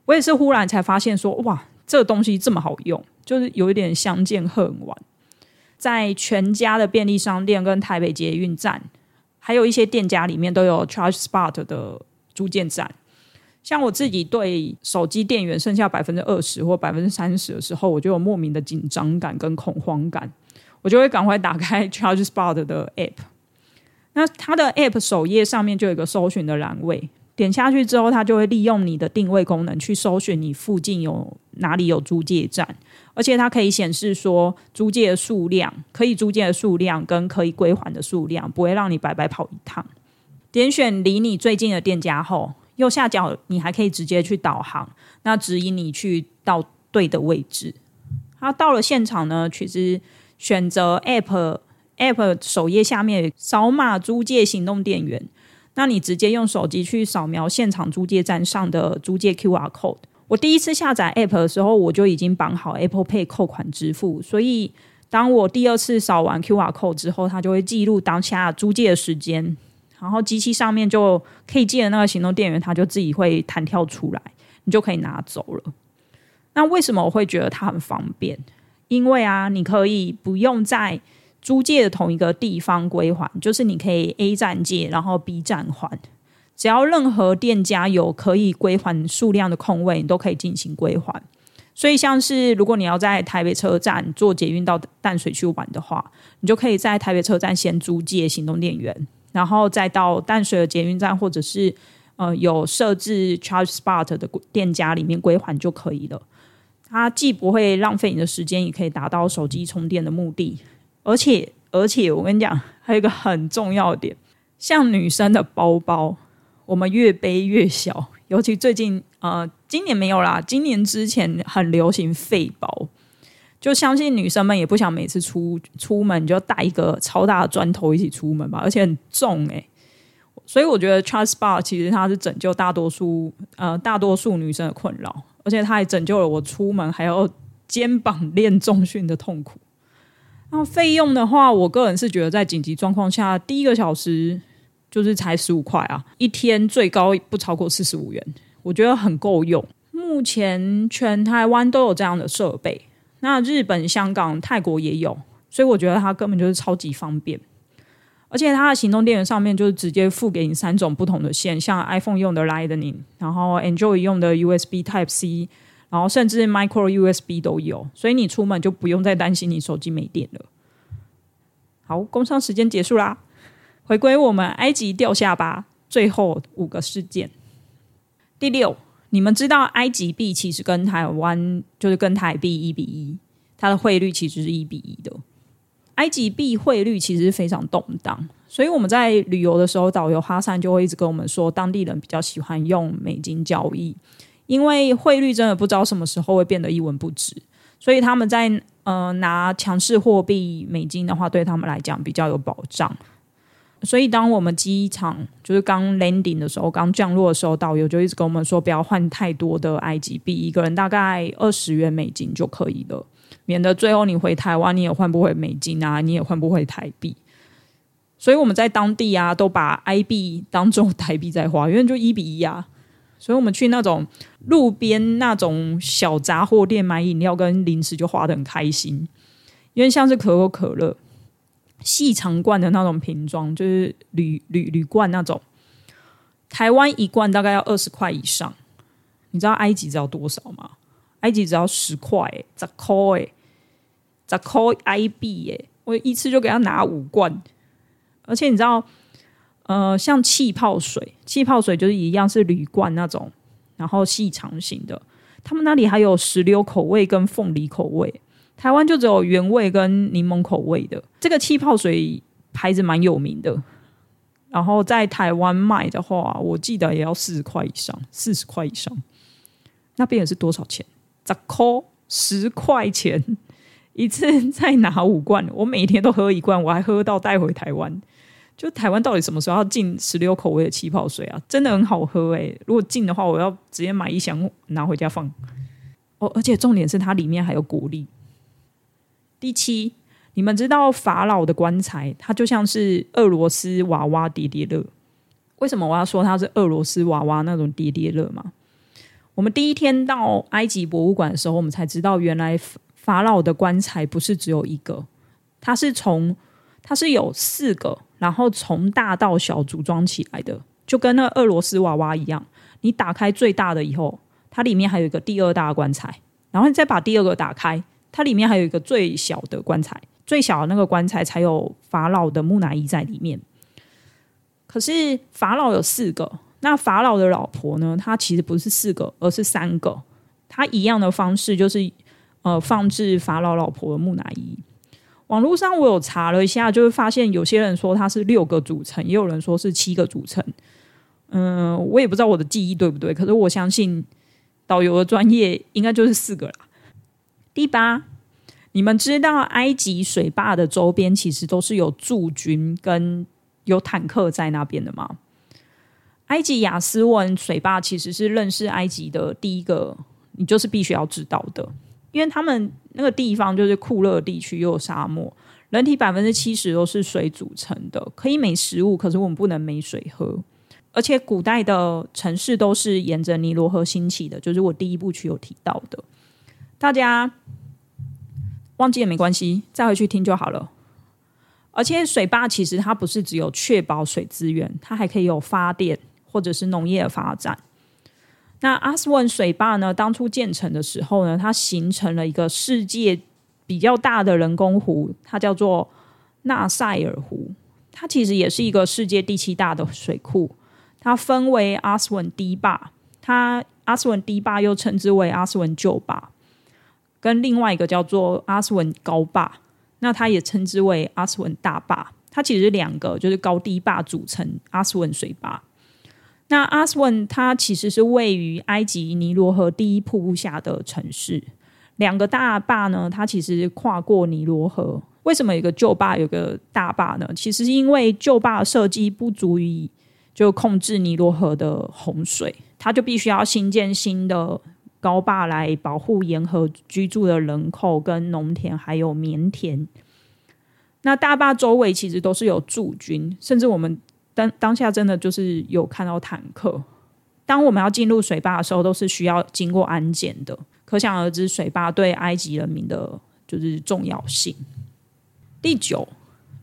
我也是忽然才發現說，哇，這個、東西這麼好用，就是有一點相見恨晚。在全家的便利商店、跟台北捷運站，還有一些店家裡面都有 Charge Spot 的租借站。像我自己對手機電源剩下百分之二十或百分之三十的時候，我就有莫名的緊張感跟恐慌感，我就會趕快打開 Charge Spot 的 App。那它的 App 首頁上面就有一個搜尋的欄位，點下去之後，它就會利用你的定位功能去搜尋你附近有哪裡有租借站，而且它可以顯示說租借的數量、可以租借的數量跟可以歸還的數量，不會讓你白白跑一趟。點選離你最近的店家後。右下角你還可以直接去導航，那指引你去到對的位置。它、啊、到了現場呢，其實選擇 App App 首頁下面掃碼租借行動電源。那你直接用手機去掃描現場租借站上的租借 QR code。我第一次下載 App 的時候，我就已經綁好 Apple Pay 扣款支付，所以當我第二次掃完 QR code 之後，它就會記錄當下租借的時間。然後機器上面就可以借的那個行動電源，它就自己會彈跳出來，你就可以拿走了。那為什麼我會覺得它很方便？因為啊，你可以不用在租借的同一個地方歸還，就是你可以 A 站借，然後 B 站還。只要任何店家有可以歸還數量的空位，你都可以進行歸還。所以，像是如果你要在台北車站坐捷運到淡水去玩的話，你就可以在台北車站先租借行動電源。然後再到淡水的捷運站，或者是呃有設置 Charge Spot 的店家裡面歸還就可以了。它既不會浪費你的時間，也可以達到手機充電的目的。而且而且我跟你講，還有一個很重要點，像女生的包包，我們越背越小，尤其最近呃今年沒有啦，今年之前很流行廢包。就相信女生們也不想每次出出門就帶一個超大的磚頭一起出門吧，而且很重誒、欸，所以我覺得 Trust Bar 其實它是拯救大多數呃大多數女生的困擾，而且它也拯救了我出門還要肩膀練重訓的痛苦。然後費用的話，我個人是覺得在緊急狀況下第一個小時就是才十五塊啊，一天最高不超過四十五元，我覺得很夠用。目前全台灣都有這樣的設備。那日本、香港、泰國也有，所以我覺得它根本就是超級方便，而且它的行動電源上面就是直接附給你三種不同的線，像 iPhone 用的 Lightning，然後 Android 用的 USB Type C，然後甚至 Micro USB 都有，所以你出門就不用再擔心你手機沒電了。好，工商時間結束啦，回歸我們埃及掉下巴最後五個事件，第六。你們知道，埃及幣其實跟台灣就是跟台幣一比一，它的匯率其實是一比一的。埃及幣匯率其實是非常動盪，所以我們在旅遊的時候，導遊哈桑就會一直跟我們說，當地人比較喜歡用美金交易，因為匯率真的不知道什麼時候會變得一文不值，所以他們在，呃，拿強勢貨幣美金的話，對他們來講比較有保障。所以，當我們機場就是剛 landing 的時候，剛降落的時候，導遊就一直跟我們說，不要換太多的埃及幣，一個人大概二十元美金就可以了，免得最後你回台灣你也換不回美金啊，你也換不回台幣。所以我們在當地啊，都把 I B 當做台幣在花，因為就一比一啊。所以我們去那種路邊那種小雜貨店買飲料跟零食，就花的很開心，因為像是可口可樂。細長罐的那種瓶裝，就是鋁鋁鋁罐那種。台灣一罐大概要二十塊以上，你知道埃及只要多少嗎？埃及只要十塊，欸，十塊誒，十塊埃幣誒，我一次就給他拿五罐，而且你知道，呃，像氣泡水，氣泡水就是一樣是鋁罐那種，然後細長型的。他們那裡還有石榴口味跟鳳梨口味。台灣就只有原味跟檸檬口味的，這個氣泡水牌子蠻有名的。然後在台灣賣的話、啊，我記得也要四十塊以上，四十塊以上。那邊也是多少錢？十塊？十塊十塊錢 一次，再拿五罐。我每天都喝一罐，我還喝到帶回台灣。就台灣到底什麼時候要進石榴口味的氣泡水啊？真的很好喝哎、欸！如果進的話，我要直接買一箱拿回家放。哦，而且重點是它裡面還有果粒。第七，你們知道法老的棺材，它就像是俄羅斯娃娃疊疊樂。為什麼我要說它是俄羅斯娃娃那種疊疊樂嗎？我們第一天到埃及博物館的時候，我們才知道原來法老的棺材不是只有一個，它是從它是有四個，然後從大到小組裝起來的，就跟那個俄羅斯娃娃一樣。你打開最大的以後，它裡面還有一個第二大的棺材，然後你再把第二個打開。它裡面還有一個最小的棺材，最小的那個棺材才有法老的木乃伊在裡面。可是法老有四個，那法老的老婆呢？他其實不是四個，而是三個。他一樣的方式就是呃放置法老老婆的木乃伊。網絡上我有查了一下，就會、是、發現有些人說他是六個組成，也有人說是七個組成。嗯、呃，我也不知道我的記憶對不對，可是我相信導遊的專業應該就是四個啦。第八，你們知道埃及水壩的周邊其實都是有駐軍跟有坦克在那邊的嗎？埃及亞斯文水壩其實是認識埃及的第一個，你就是必須要知道的，因為他們那個地方就是酷熱地區又有沙漠，人體百分之七十都是水組成的，可以沒食物，可是我們不能沒水喝。而且古代的城市都是沿着尼羅河興起的，就是我第一部曲有提到的。大家忘記也沒關係，再回去聽就好了。而且水壩其實它不是只有確保水資源，它還可以有發電或者是農業的發展。那阿斯文水壩呢？當初建成的時候呢，它形成了一個世界比較大的人工湖，它叫做納賽爾湖。它其實也是一個世界第七大的水庫。它分為阿斯文堤壩，它阿斯文堤壩又稱之為阿斯文舊壩。跟另外一個叫做阿斯文高壩，那它也稱之為阿斯文大壩，它其實是兩個，就是高低壩組成阿斯文水壩。那阿斯文它其實是位於埃及尼羅河第一瀑布下的城市。兩個大壩呢，它其實跨過尼羅河。為什麼有一個舊壩，有個大壩呢？其實因為舊壩設計不足以就控制尼羅河的洪水，它就必須要新建新的。高壩來保護沿河居住的人口，跟農田、還有棉田。那大壩周圍其實都是有駐軍，甚至我們當當下真的就是有看到坦克。當我們要進入水壩的時候，都是需要經過安檢的。可想而知，水壩對埃及人民的就是重要性。第九，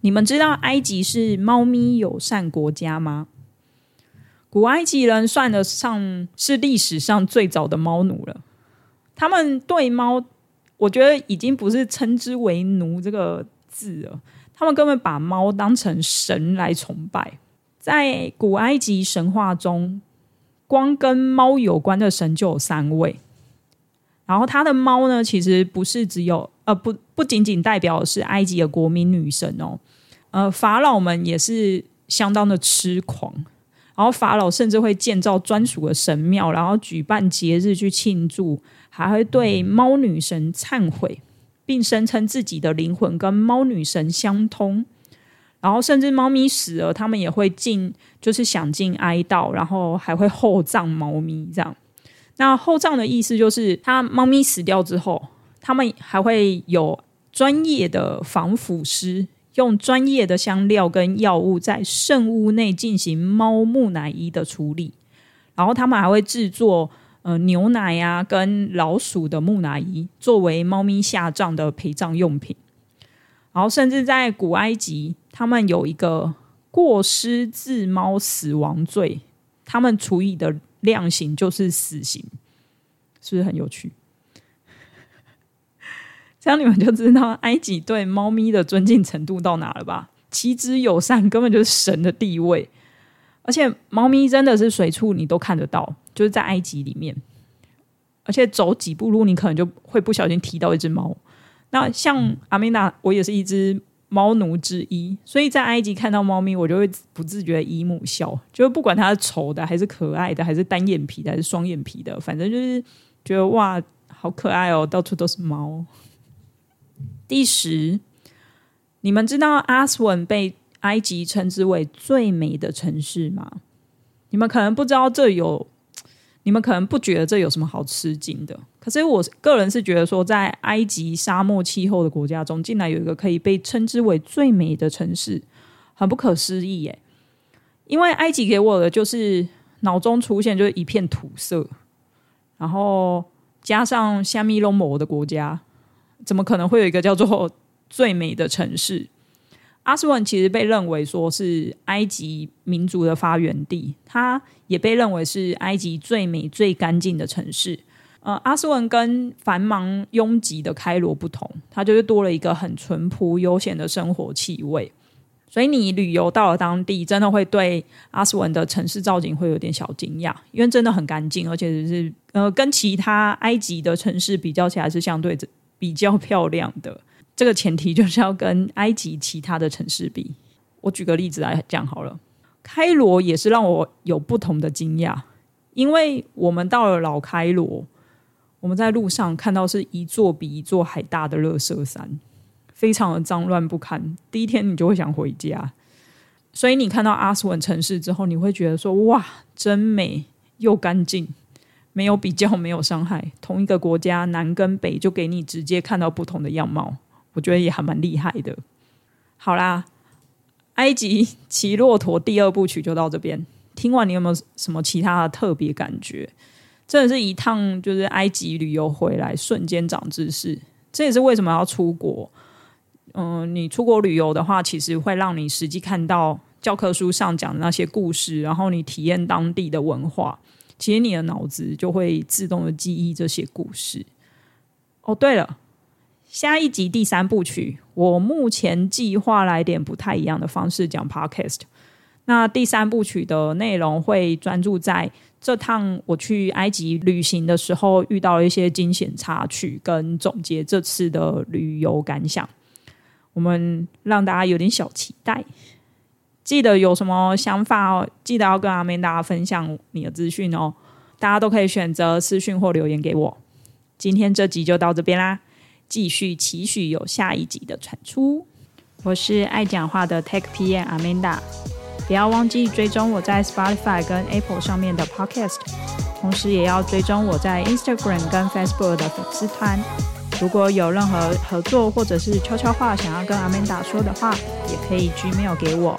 你們知道埃及是貓咪友善國家嗎？古埃及人算得上是歷史上最早的貓奴了。他們對貓，我覺得已經不是稱之為奴這個字了，他們根本把貓當成神來崇拜。在古埃及神話中，光跟貓有關的神就有三位。然後他的貓呢，其實不是只有，呃，不不僅僅代表是埃及的國民女神哦，呃，法老們也是相當的痴狂。然後法老甚至會建造專屬的神廟，然後舉辦節日去慶祝，還會對貓女神懺悔，並聲稱自己的靈魂跟貓女神相通。然後甚至貓咪死了，他們也會盡就是想盡哀悼，然後還會厚葬貓咪。這樣，那厚葬的意思就是，他貓咪死掉之後，他們還會有專業的防腐師。用專業的香料跟藥物在聖屋內進行貓木乃伊的處理，然後他們還會制作呃牛奶啊跟老鼠的木乃伊作為貓咪下葬的陪葬用品，然後甚至在古埃及，他們有一個過失致貓死亡罪，他們處以的量刑就是死刑，是不是很有趣？這樣你們就知道埃及對貓咪的尊敬程度到哪了吧？豈止友善，根本就是神的地位。而且貓咪真的是隨處你都看得到，就是在埃及裡面，而且走幾步路你可能就會不小心踢到一隻貓。那像阿米娜，我也是一隻貓奴之一，所以在埃及看到貓咪，我就會不自覺姨母笑，就是不管它是醜的還是可愛的，還是單眼皮的還是雙眼皮的，反正就是覺得哇，好可愛哦，到處都是貓。第十，你們知道阿斯文被埃及稱之為最美的城市嗎？你們可能不知道這有，你們可能不覺得這有什麼好吃驚的。可是我個人是覺得說，在埃及沙漠氣候的國家中，竟然有一個可以被稱之為最美的城市，很不可思議耶。因為埃及給我的就是腦中出現就是一片土色，然後加上香蜜龍膜的國家。怎麼可能會有一個叫做“最美的城市”？阿斯文其實被認為說是埃及民族的發源地，它也被認為是埃及最美、最乾淨的城市。呃，阿斯文跟繁忙擁擠的開羅不同，它就是多了一個很淳樸、悠閒的生活氣味。所以你旅遊到了當地，真的會對阿斯文的城市造景會有點小驚訝，因為真的很乾淨，而且、就是呃，跟其他埃及的城市比較起來是相對。比較漂亮的這個前提就是要跟埃及其他的城市比。我舉個例子來講好了，開羅也是讓我有不同的驚訝，因為我們到了老開羅，我們在路上看到是一座比一座還大的垃圾山，非常的髒亂不堪。第一天你就會想回家，所以你看到阿斯文城市之後，你會覺得說：“哇，真美又乾淨。”沒有比較，沒有傷害。同一個國家，南跟北就給你直接看到不同的樣貌，我覺得也還蠻厲害的。好啦，埃及騎駱駝第二部曲就到這邊。聽完你有沒有什麼其他的特別感覺？真的是一趟就是埃及旅遊回來，瞬間長知識。這也是為什麼要出國。嗯、呃，你出國旅遊的話，其實會讓你實際看到教科書上講的那些故事，然後你體驗當地的文化。其實你的腦子就會自動的記憶這些故事。哦，對了，下一集第三部曲，我目前計劃來點不太一樣的方式講 Podcast。那第三部曲的內容會專注在這趟我去埃及旅行的時候遇到一些驚險插曲，跟總結這次的旅遊感想。我們讓大家有點小期待，記得有什麼想法哦，記得要跟 Amanda 分享你的資訊哦。大家都可以選擇私訊或留言給我。今天這集就到這邊啦，繼續期許有下一集的產出。我是愛講話的 Tech PM Amanda，不要忘記追蹤我在 Spotify 跟 Apple 上面的 Podcast，同時也要追蹤我在 Instagram 跟 Facebook 的粉絲團。如果有任何合作或者是悄悄話想要跟 Amanda 說的話，也可以 Gmail 給我。